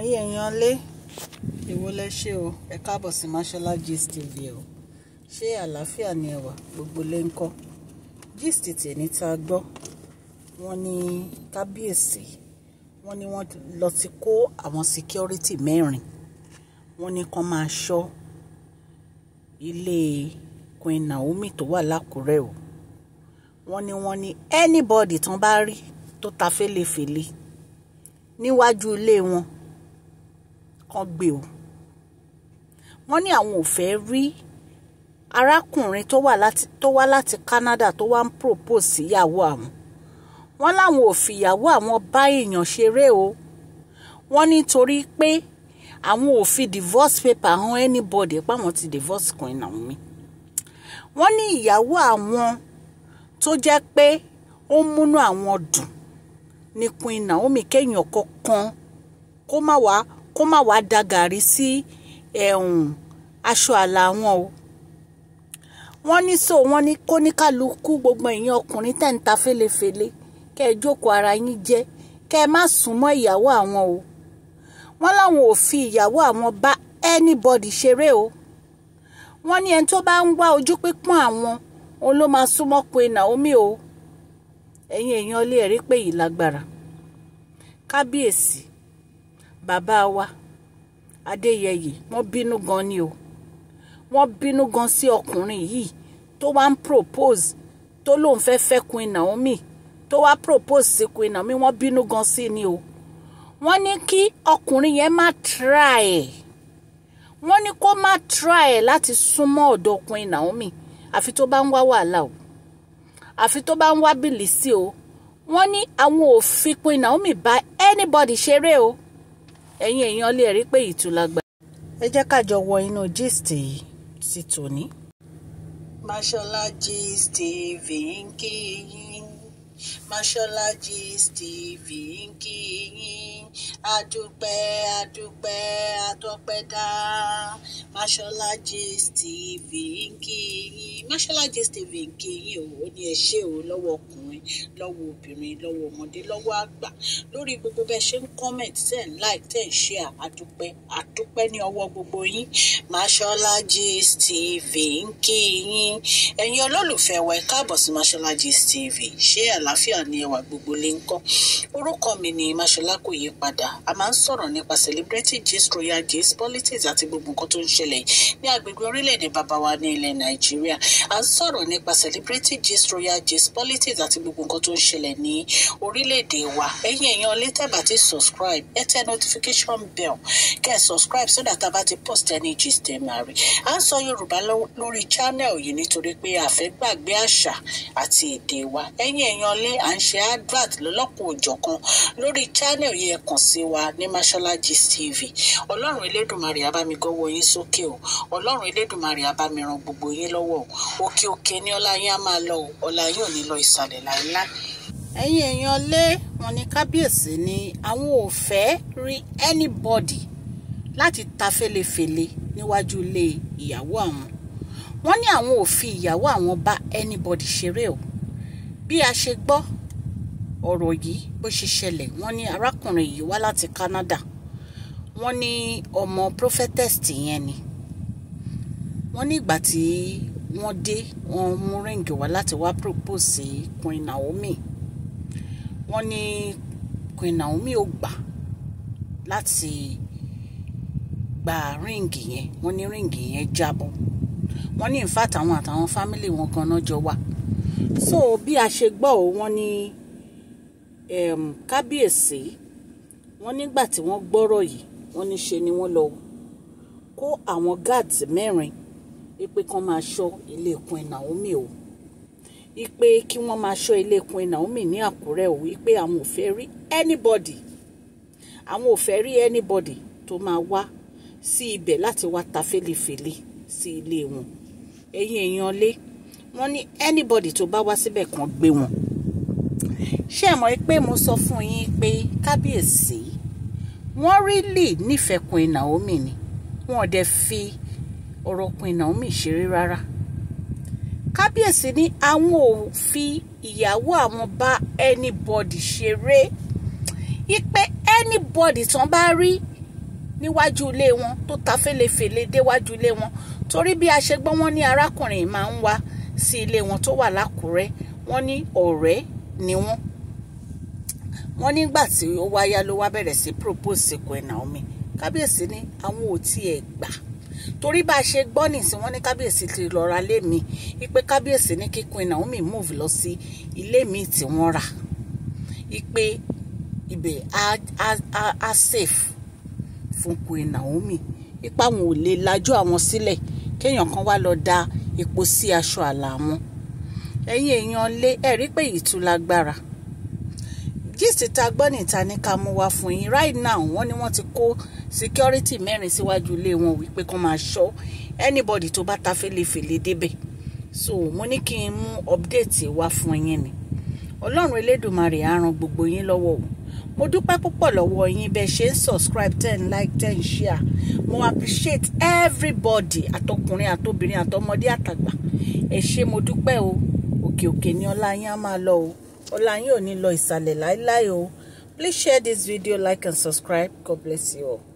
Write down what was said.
ẹ̀yin èèyàn lé èwo lẹ ṣe o ẹ káàbọ̀ sí Mashola Gist TV o ṣé àlàáfíà ni ẹ wà gbogbo lè ń kọ́ gist tèmi tá a gbọ́ wọ́n ní kábíyèsí wọ́n ní wọ́n lọ ti kó àwọn security mẹ́rin wọ́n ní kán máa ṣọ́ ilé Queen Naomi tó wà lákùrẹ́ o wọ́n ní wọ́n ní anybody tán bá rí tó ta fẹ́lẹ́fẹ́lẹ́ níwájú ilé wọn kan gbé o wọ́n ní àwọn ò fẹ́ rí arákùnrin tó wá láti tó wá láti Canada tó wá ń propose síyàwó àwọn wọ́n láwọn ò fìyàwó àwọn bá èèyàn ṣeré o wọ́n nítorí pé àwọn ò fi divorce paper hàn anybody páwọn ti divorce Queen Naomi wọ́n ní ìyàwó àwọn tó jẹ́ pé ó ń múnú àwọn dùn ní Queen Naomi kéèyàn kankan kó má wàá kó má wàá da gàrí sí ẹ̀hún aṣọ àlà wọn o Wọn ní so Wọn ní kóníkàlùkù gbogbo ẹ̀yin ọkùnrin tẹ̀ ń ta kẹ́ ẹ jókòó ara yín jẹ́ kẹ́ ẹ má sùn mọ́ ìyàwó àwọn o wọn láwọn ò fi ìyàwó àwọn bá anybody ṣeré o wọn ní ẹni tó ń wá ojú àwọn òun ló máa súnmọ́ pé Naomi o ẹ̀yin èèyàn ẹ̀rí pé yìí bàbá wa adéyẹyè wọ́n bínú gan ni o wọ́n bínú gan sí ọkùnrin yìí tó wá ń propose tó lóun fẹ́ fẹ́ Queen Naomi tó wá propose sí Queen Naomi wọ́n bínú gan sí ni o wọ́n ní kí ọkùnrin yẹn má try ẹ̀ wọ́n ní kó má try ẹ̀ láti súnmọ́ ọ̀dọ̀ Queen Naomi àfi tó bá ń wá wàhálà o àfi tó bá ń wá bìlì sí o wọ́n ní àwọn ò Queen Naomi bá anybody ṣeré o ẹ̀yin èèyàn lè rí pé ìtúlágbà. ẹ jẹ́ ká jọ wọ inú gist yìí sí tòní. Mashola Gist TV ń Mashola Gist TV ń kí yín adúpẹ́ dá Mashola Gist TV ń Mashola Gist TV ń kí yín o ó ní ẹ ṣé o lọ́wọ́ ọkùnrin lọ́wọ́ obìnrin lọ́wọ́ ọmọdé lọ́wọ́ àgbà lórí gbogbo bẹ́ẹ̀ ṣe ń comment ten like ten share àdúpẹ́ àdúpẹ́ ní ọwọ́ gbogbo yín Mashola Gist TV ń kí yín ẹ̀yin olólùfẹ́ wa ẹ káàbọ̀ sí Mashola Gist TV ṣé àlàáfíà ni ẹwà gbogbo lè ń kọ́ orúkọ mi ni Mashola kò yí padà a máa ń sọ̀rọ̀ nípa celebrity gist royal gist politics àti gbogbo nǹkan tó ń ṣẹlẹ̀ ní agbègbè orílẹ̀-èdè baba wa ní ilẹ̀ Nàìjíríà nàìjíríà à ń sọ̀rọ̀ nípa celebrity gist royal gist politics àti gbogbo nǹkan tó ń ṣẹlẹ̀ ní orílẹ̀-èdè wa ẹ̀yin èèyàn létẹ̀bà ti subscribe ẹ tẹ notification bell kẹ́ ẹ subscribe so that a bá ti post any gist ẹ̀ máa rí à ń sọ yorùbá lórí channel yìí nítorí pé a fẹ́ gbàgbé àṣà àti èdè wa ẹ̀yin èèyàn lé à ń ṣe advert lọ́lọ́kùn òjọ̀kan lórí channel yìí ẹ kàn sí wa ní mashola gist tv ọlọ́run elédùnmarè abámigọ́wọ́ yín sókè o ọlọ́run elédùnmarè abámiran gbogbo yín lọ́wọ́ lọ́wọ́ òkè òkè ni ọlá á máa lọ o ò ní lọ ìsàlẹ̀ láìláì. ẹ̀yin èèyàn lé wọn ní kábíyèsí ni àwọn ò fẹ́ rí anybody láti ta fẹ́lẹ́fẹ́lẹ́ níwájú ilé ìyàwó àwọn wọ́n ní àwọn ò fi ìyàwó àwọn bá anybody ṣeré o bí a ṣe gbọ́ ọ̀rọ̀ yìí bó ṣe ṣẹlẹ̀ wọ́n ní arákùnrin yìí wá láti Canada wọ́n ní ọmọ prophetess yẹn ni wọ́n ní ìgbà tí wọ́n dé wọ́n mú ríǹgì wá láti wá propose sí Queen Naomi wọ́n ní Queen Naomi ò gbà láti gba ríǹgì yẹn wọ́n ní ríǹgì yẹn jábọ́ wọ́n ní in àwọn àtàwọn fámìlì wọn ganan jọ wà so bí a ṣe gbọ́ ọ wọ́n ní um, kábíyèsí wọ́n nígbà tí wọ́n gbọ́rọ̀ yìí wọ́n ní ṣe ni wọ́n lọ kó àwọn guards mẹ́rin ipe kan máa ṣọ́ ilé Queen Naomi o ipe kí wọ́n máa ṣọ́ ilé Queen Naomi ní Àkúrẹ́ o ipe àwọn ò fẹ́ rí anybody àwọn ò fẹ́ rí anybody tó máa wá sí ibẹ̀ láti wá ta fèlèfèlè sí ilé wọn ẹ̀yin èèyàn lé wọ́n ní anybody tó bá wá síbẹ̀ kan gbé wọn ṣé ẹ mọ̀ pé mo sọ fún yín pé kábíyèsí wọ́n rí lì nífẹ̀ẹ́ Queen Naomi ni wọ́n dẹ̀ fi ọ̀rọ̀ Queen Naomi ṣeré rárá kábíyèsí ní àwọn ò fi ìyàwó àwọn bá anybody ṣeré ipe anybody tán bá rí níwájú ilé wọn tó ta fèlèfèlè déwájú ilé wọn torí bí a ṣe gbọ́ wọn ní arákùnrin máa ń wá sí ilé wọn tó wà lákùrẹ́ wọn ní ọ̀rẹ́ ni wọn wọn nígbà tí ó wáyá ló wá bẹ̀rẹ̀ sí propose sí Queen Naomi kábíyèsí ní àwọn ò tiẹ̀ gbà. E torí bá a ṣe gbọ́ nìsín wọ́n ní kábíyèsí ti lọ ra mi ipe kábíyèsí ní kí Queen Naomi move lọ sí ilé mi tí wọ́n rà ipe ibẹ̀ a á safe fún Queen Naomi ipa wọn ò lè lajú àwọn sílẹ̀ kéèyàn kan wá lọ da epo sí aṣọ àlà wọn ẹ̀yin èèyàn lé ẹ̀rí pé ìtúlágbára gist ta gbọ́ níta ní ká mú wá fún yín right now wọ́n ní wọ́n ti kó security mẹ́rin síwájú ilé wọn wípé kán máa ṣọ́ anybody tó bá ta fèlèfèlè débẹ̀ so mo ní kí n mú update wá fún yín ni ọlọ́run elédùnmarè á ran gbogbo yín lọ́wọ́ o mo dúpẹ́ púpọ̀ lọ́wọ́ yín bẹ́ẹ̀ ṣe ń subscribe ten like ten share mo appreciate everybody àtọkùnrin àtobìnrin àtọmọdé àtàgbà ẹ ṣé mo dúpẹ́ o òkè òkè ni ọlá yín á máa lọ o ọlá yín ò ní lọ ìsàlẹ̀ láéláé o please share this video like and subscribe god bless you all.